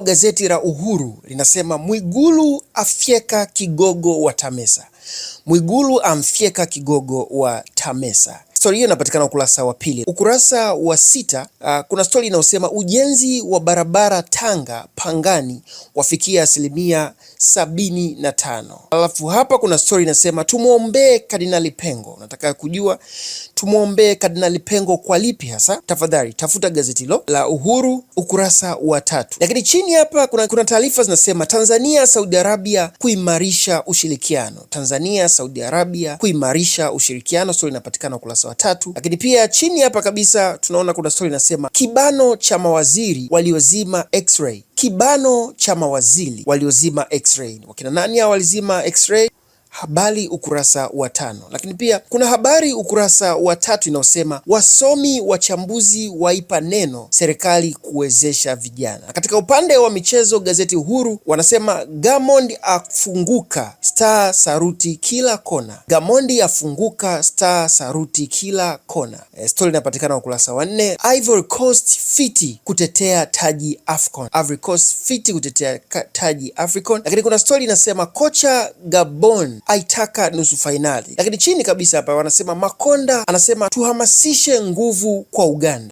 Gazeti la Uhuru linasema Mwigulu afyeka kigogo wa Tamesa. Mwigulu amfyeka kigogo wa Tamesa. Stori hiyo inapatikana ukurasa wa pili. Ukurasa wa sita, uh, kuna stori inayosema ujenzi wa barabara Tanga Pangani wafikia asilimia sabini na tano. Alafu hapa kuna stori inasema tumwombee Kardinali Pengo. Nataka kujua tumwombee Kardinali Pengo kwa lipi hasa? Tafadhali tafuta gazeti hilo la Uhuru ukurasa wa tatu. Lakini chini hapa kuna, kuna taarifa zinasema Tanzania Saudi Arabia kuimarisha ushirikiano. Tanzania Saudi Arabia kuimarisha ushirikiano, stori inapatikana ukurasa tatu. Lakini pia chini hapa kabisa tunaona kuna stori inasema kibano cha mawaziri waliozima x-ray. Kibano cha mawaziri waliozima x-ray. Wakina nani hao walizima x-ray? habari ukurasa wa tano. Lakini pia kuna habari ukurasa wa tatu inayosema wasomi wachambuzi waipa neno serikali kuwezesha vijana. Katika upande wa michezo, gazeti Uhuru wanasema Gamondi afunguka star saruti kila kona. Gamondi afunguka star saruti kila kona. E, eh, stori inapatikana ukurasa wa nne. Ivory Coast fiti kutetea taji Afcon. Ivory Coast fiti kutetea taji Africon. Lakini kuna stori inasema kocha Gabon aitaka nusu fainali. Lakini chini kabisa hapa wanasema Makonda anasema tuhamasishe nguvu kwa Uganda.